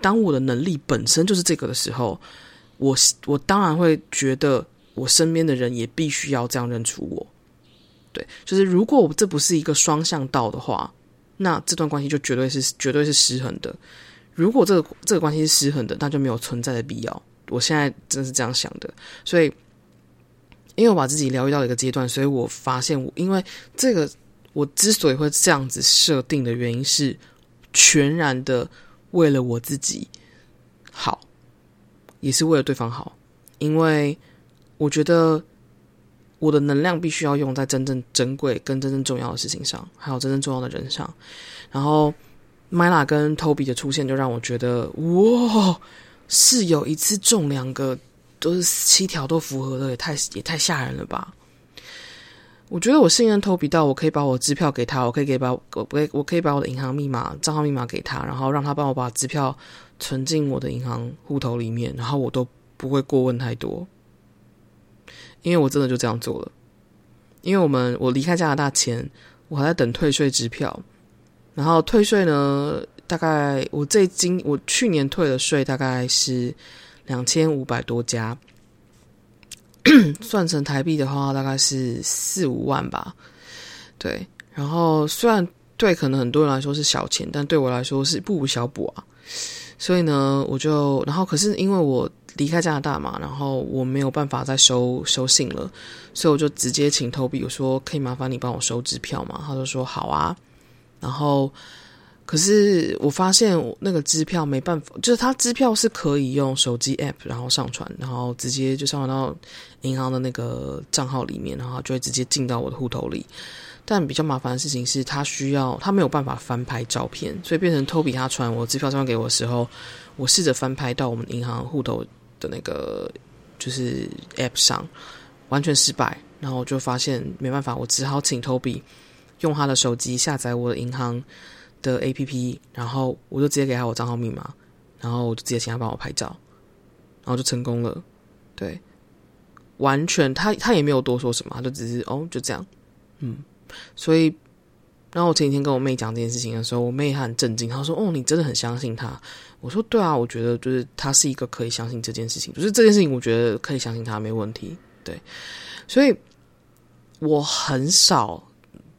當我的能力本身就是這個的時候，我我當然會覺得我身邊的人也必須要這樣認出我。對，就是如果我這不是一個雙向道的話，那這段關係就絕對是絕對是失衡的。如果這個這個關係是失衡的，那就沒有存在的必要。我現在真是這樣想的。所以，因為我把自己療癒到一個階段，所以我發現我，因為這個我之所以會這樣子設定的原因是全然的。為了我自己好，也是為了對方好，因為我覺得我的能量必須要用在真正珍貴跟真正重要的事情上，還有真正重要的人上。然後，麥拉跟托比的出現就讓我覺得，哇，是有一次中兩個，都、就是七條都符合的，也太也太嚇人了吧！我覺得我信任投比到，我可以把我支票給他，我可以給把，我可我可以把我的銀行密碼、賬號密碼給他，然後讓他幫我把支票存進我的銀行戶頭裡面，然後我都不會過問太多，因為我真的就這樣做了。因為我們我離開加拿大前，我還在等退稅支票，然後退稅呢，大概我這今我去年退的稅大概是兩千五百多加。 算成台幣的話，大概是四五萬吧。對，然後雖然對可能很多人來說是小錢，但對我來說是不無小補啊。所以呢，我就然後可是因為我離開加拿大嘛，然後我沒有辦法再收收信了，所以我就直接請 Toby，我說可以麻煩你幫我收支票嘛。他就說好啊。然後可是我發現我那個支票沒辦法，就是他支票是可以用手機 app 然後上傳，然後直接就上傳到。銀行的那個賬號裡面，然後就會直接進到我的戶頭裡。但比較麻煩的事情是，他需要他沒有辦法翻拍照片，所以變成 Toby 他傳我支票上面給我的時候，我試着翻拍到我們銀行戶頭的那個就是 App 上，完全失敗。然後我就發現沒辦法，我只好請 Toby 用他的手機下載我的銀行的 APP，然後我就直接給他我賬號密碼，然後我就直接請他幫我拍照，然後就成功了。對。完全，他他也沒有多說什麼，就只是哦，就這樣，嗯。所以，然後我前幾天跟我妹講這件事情的時候，我妹還很震驚，她說：“哦，你真的很相信他？”我說：“對啊，我覺得就是他是一個可以相信這件事情，就是這件事情，我覺得可以相信他，沒問題。”對，所以我很少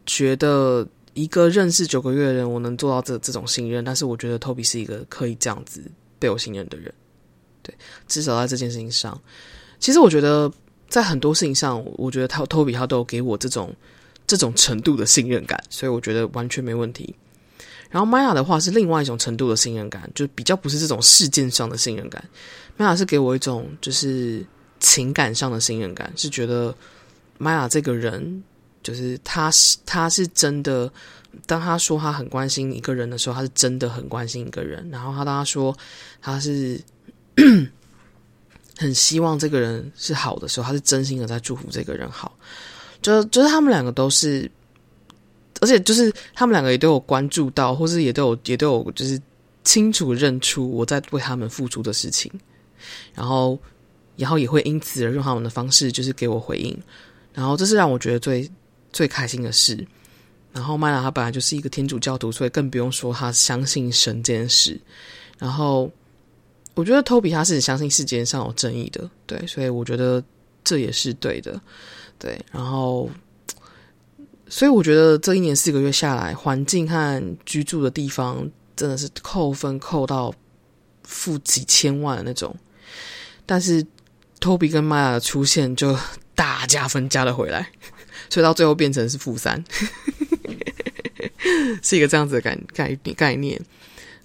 覺得一個認識九個月的人，我能做到這這種信任。但是我覺得 Toby 是一個可以這樣子被我信任的人，對，至少在這件事情上，其實我覺得。在很多事情上，我覺得他托比他都有給我這種這種程度的信任感，所以我覺得完全沒問題。然後瑪雅的話是另外一種程度的信任感，就比較不是這種事件上的信任感。瑪雅是給我一種就是情感上的信任感，是覺得瑪雅這個人就是他是他是真的。當他說他很關心一個人的時候，他是真的很關心一個人。然後他當他說他是。 很希望這個人是好的時候，他是真心的在祝福這個人好，就就是他們兩個都是，而且就是他們兩個也都有關注到，或是也都有也都有就是清楚認出我在為他們付出的事情，然後然後也會因此而用他們的方式就是給我回應，然後這是讓我覺得最最開心的事。然後麥拉他本來就是一個天主教徒，所以更不用說他相信神這件事，然後。我覺得 Toby 他是很相信世間上有正義的，對，所以我覺得這也是對的，對。然後，所以我覺得這一年四個月下來，環境和居住的地方真的是扣分扣到負幾千萬的那種，但是 Toby 跟 Maya 的出現就大加分加了回來，所以到最後變成是負三， 是一個這樣子的概概概念。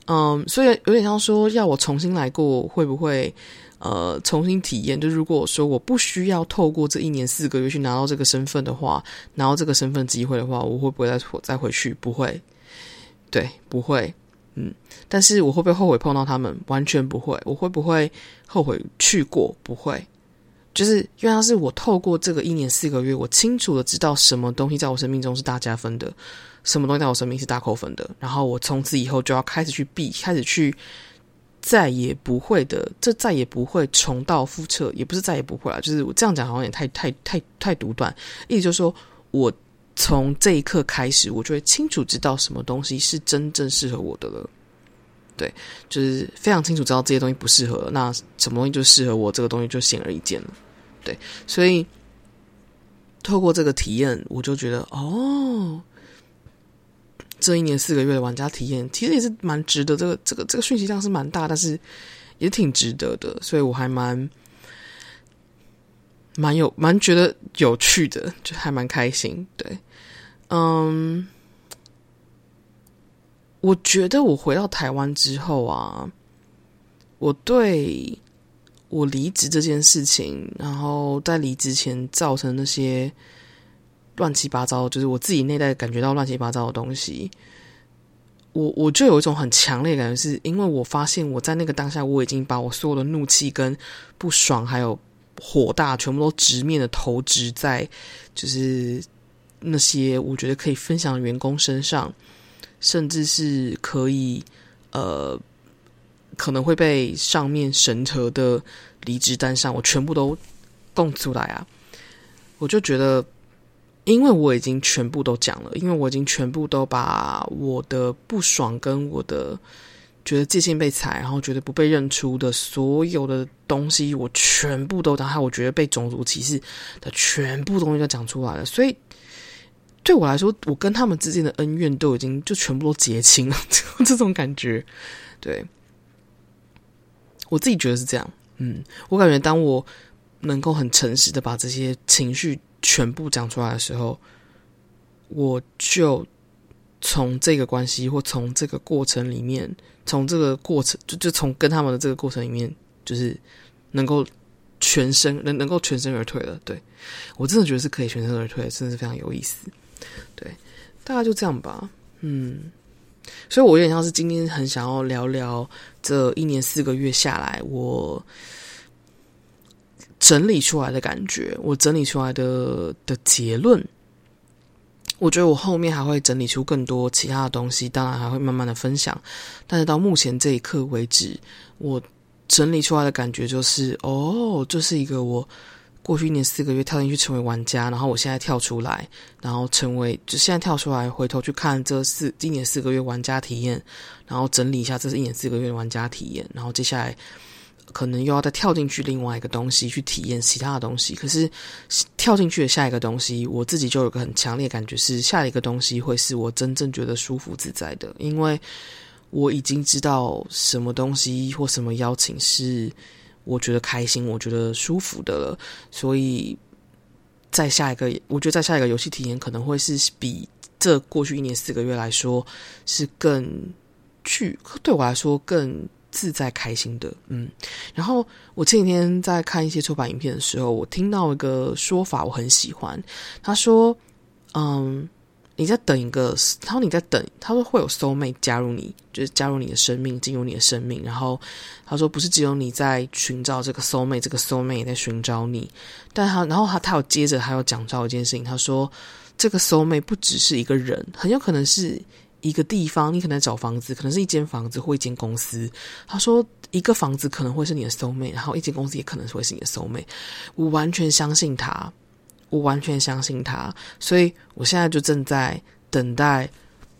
嗯，所以有點像說，要我重新來過，會不會呃重新體驗？就如果說我不需要透過這一年四個月去拿到這個身份的話，拿到這個身份機會的話，我會不會再再回去？不會，對，不會。嗯，但是我會不會後悔碰到他們？完全不會。我會不會後悔去過？不會。就是因為他是我透過這個一年四個月，我清楚地知道什麼東西在我生命中是大加分的。什麼東西在我生命是大扣分的，然後我從此以後就要開始去避，開始去再也不會的，這再也不會重蹈覆轍，也不是再也不會了。就是我這樣講好像也太太太太獨斷，意思就是說我從這一刻開始，我就會清楚知道什麼東西是真正適合我的了。對，就是非常清楚知道這些東西不適合，那什麼東西就適合我，這個東西就顯而易見了。對，所以透過這個體驗，我就覺得哦。這一年四個月的玩家體驗，其實也是蠻值得。這個這個這個訊息量是蠻大，但是也挺值得的。所以我還蠻蠻有蠻覺得有趣的，就還蠻開心。對，嗯，我覺得我回到台灣之後啊，我對我離職這件事情，然後在離職前造成那些。亂七八糟，就是我自己內在感覺到亂七八糟的東西，我我就有一種很強烈的感覺是，是因為我發現我在那個當下，我已經把我所有的怒氣、跟不爽、還有火大，全部都直面的投擲在就是那些我覺得可以分享的員工身上，甚至是可以呃可能會被上面審核的離職單上，我全部都供出來啊，我就覺得，因為我已經全部都講了，因為我已經全部都把我的不爽跟我的覺得界限被踩，然後覺得不被認出的所有的東西，我全部都講，還有我覺得被種族歧視的全部東西都講出來了。所以對我來說，我跟他們之間的恩怨都已經就全部都結清了，就這種感覺，對。我自己覺得是這樣。嗯，我感覺當我能夠很誠實的把這些情緒。全部講出來的時候，我就從這個關係或從這個過程裡面，從這個過程就就從跟他們的這個過程裡面，就是能夠全身能能夠全身而退了。對，我真的覺得是可以全身而退，真的是非常有意思。對，大概就這樣吧。嗯，所以我有點像是今天很想要聊聊這一年四個月下來我。整理出來的感覺，我整理出來的的結論，我覺得我後面還會整理出更多其他的東西，當然還會慢慢的分享。但是到目前這一刻為止，我整理出來的感覺就是，哦，這、就是一個我過去一年四個月跳進去成為玩家，然後我現在跳出來，然後成為，就現在跳出來回頭去看這四，一年四個月玩家體驗，然後整理一下這是一年四個月的玩家體驗，然後接下來。可能又要再跳進去另外一個東西去體驗其他的東西，可是跳進去的下一個東西，我自己就有個很強烈的感覺是下一個東西會是我真正覺得舒服自在的，因為我已經知道什麼東西或什麼邀請是我覺得開心、我覺得舒服的了，所以在下一個，我覺得在下一個遊戲體驗可能會是比這過去一年四個月來說是更、去對我來說更。自在開心的，嗯，然後我前幾天在看一些出版影片的時候，我聽到一個說法，我很喜歡。他說：“嗯，你在等一個，他說你在等，他說會有 soulmate 加入你，就是加入你的生命，進入你的生命。然後他說，不是只有你在尋找這個 soulmate，這個 soulmate 也在尋找你。但他，然後他，他有接着，他有講到一件事情，他說，這個 soulmate 不只是一個人，很有可能是。”一個地方，你可能找房子，可能是一間房子或一間公司。他說，一個房子可能會是你的 soulmate，然後一間公司也可能會是你的 soulmate。我完全相信他，我完全相信他，所以我現在就正在等待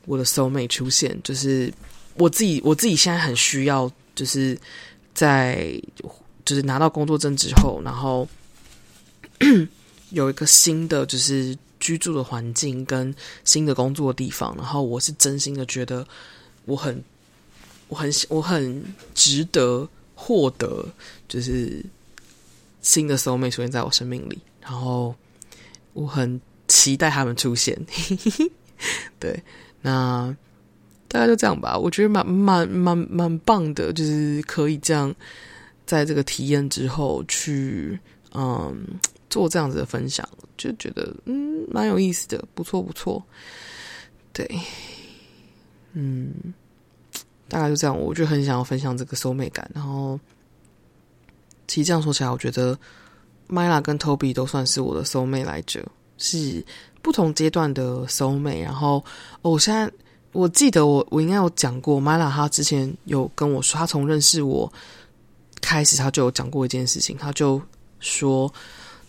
我的 soulmate 出現。就是我自己，我自己現在很需要，就是在就是拿到工作證之後，然後 有一個新的就是。居住的環境跟新的工作的地方，然後我是真心的覺得我很我很我很值得獲得，就是新的 Soulmate 出現在我生命裡，然後我很期待他們出現。 對，那大概就這樣吧，我覺得蠻蠻蠻蠻，蠻棒的，就是可以這樣在這個體驗之後去，嗯。做這樣子的分享，就覺得嗯蠻有意思的，不錯不錯。對，嗯，大概就這樣。我就很想要分享這個 soulmate 感。然後，其實這樣說起來，我覺得 Myla 跟 Toby 都算是我的 soulmate 來着，是不同階段的 soulmate。然後、哦，我現在我記得我我應該有講過 Myla 她之前有跟我說，她從認識我開始，她就有講過一件事情，她就說。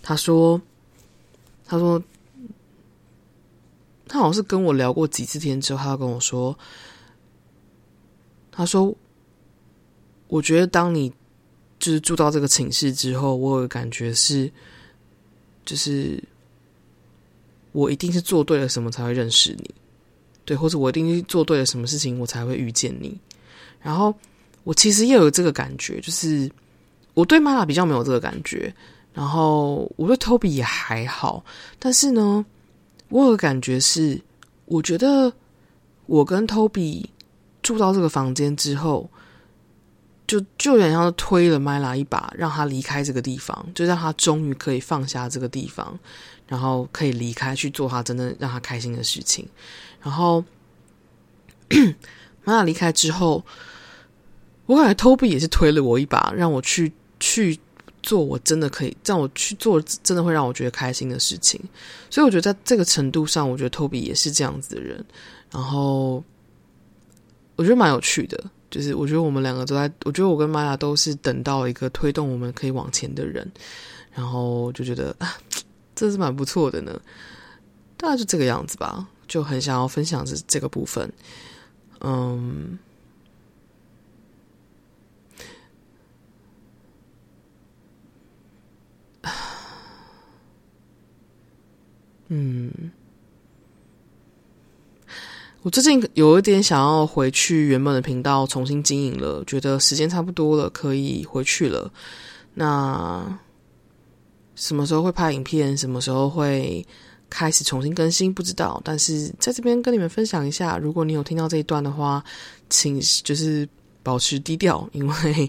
他說：“他說，他好像是跟我聊過幾次天之後，他要跟我說，他說，我覺得當你就是住到這個寢室之後，我有個感覺是，就是我一定是做對了什麼才會認識你，對，或者我一定是做對了什麼事情，我才會遇見你。然後我其實也有這個感覺，就是我對媽媽比較沒有這個感覺。”然後我對 Toby 也還好，但是呢，我有個感覺是，我覺得我跟 Toby 住到這個房間之後，就就想要推了 Mila 一把，讓他離開這個地方，就讓他終於可以放下這個地方，然後可以離開去做他真正讓他開心的事情。然後 Mila 離開之後，我感覺 Toby 也是推了我一把，讓我去去。做我真的可以讓我去做，真的會讓我覺得開心的事情。所以我覺得在這個程度上，我覺得 Toby 也是這樣子的人。然後我覺得蠻有趣的，就是我覺得我們兩個都在，我覺得我跟瑪雅都是等到一個推動我們可以往前的人。然後就覺得啊、這是蠻不錯的呢，大概就這個樣子吧。就很想要分享這這個部分，嗯。嗯，我最近有一點想要回去原本的頻道重新經營了，覺得時間差不多了，可以回去了。那什麼時候會拍影片？什麼時候會開始重新更新？不知道。但是在這邊跟你們分享一下，如果你有聽到這一段的話，請就是保持低調，因為。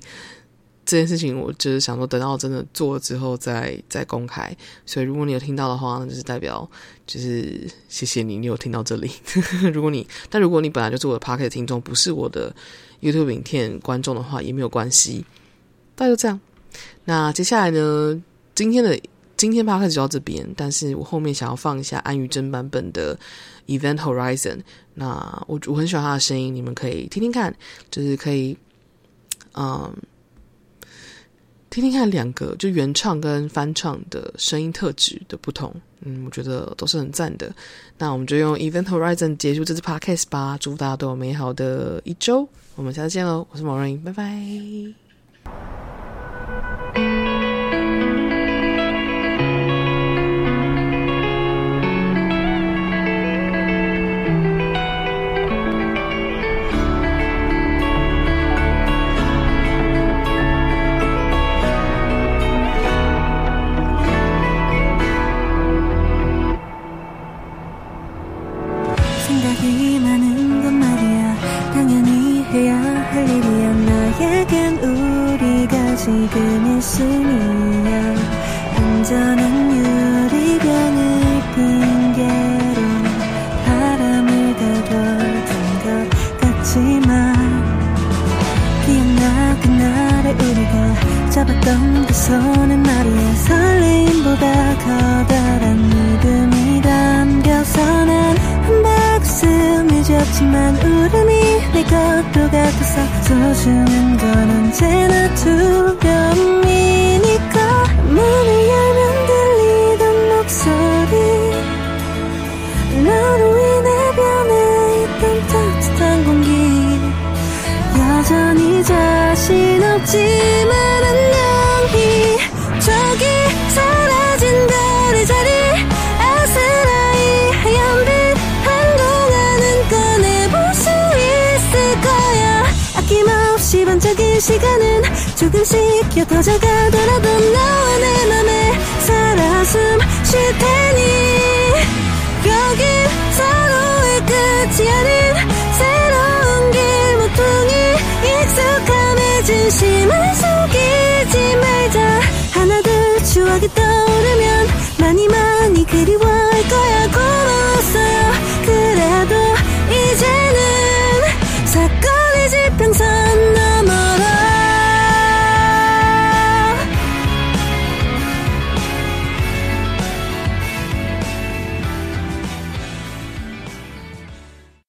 這件事情，我就是想說，等到我真的做了之後再再公開。所以，如果你有聽到的話，那就是代表就是謝謝你，你有聽到這裡。 如果你但如果你本來就是我的 Podcast 的聽眾，不是我的 YouTube 影片觀眾的話，也沒有關係。大概就這樣。那接下來呢？今天的今天 Podcast 開始就到這邊，但是我後面想要放一下安於真版本的 Event Horizon。那我我很喜歡他的聲音，你們可以聽聽看，就是可以，嗯。聽聽看兩個就原唱跟翻唱的聲音特質的不同，嗯，我覺得都是很讚的。那我們就用 Event Horizon 結束這次 Podcast 吧，祝福大家都有美好的一周，我們下次見嘍，我是毛瑞，拜拜。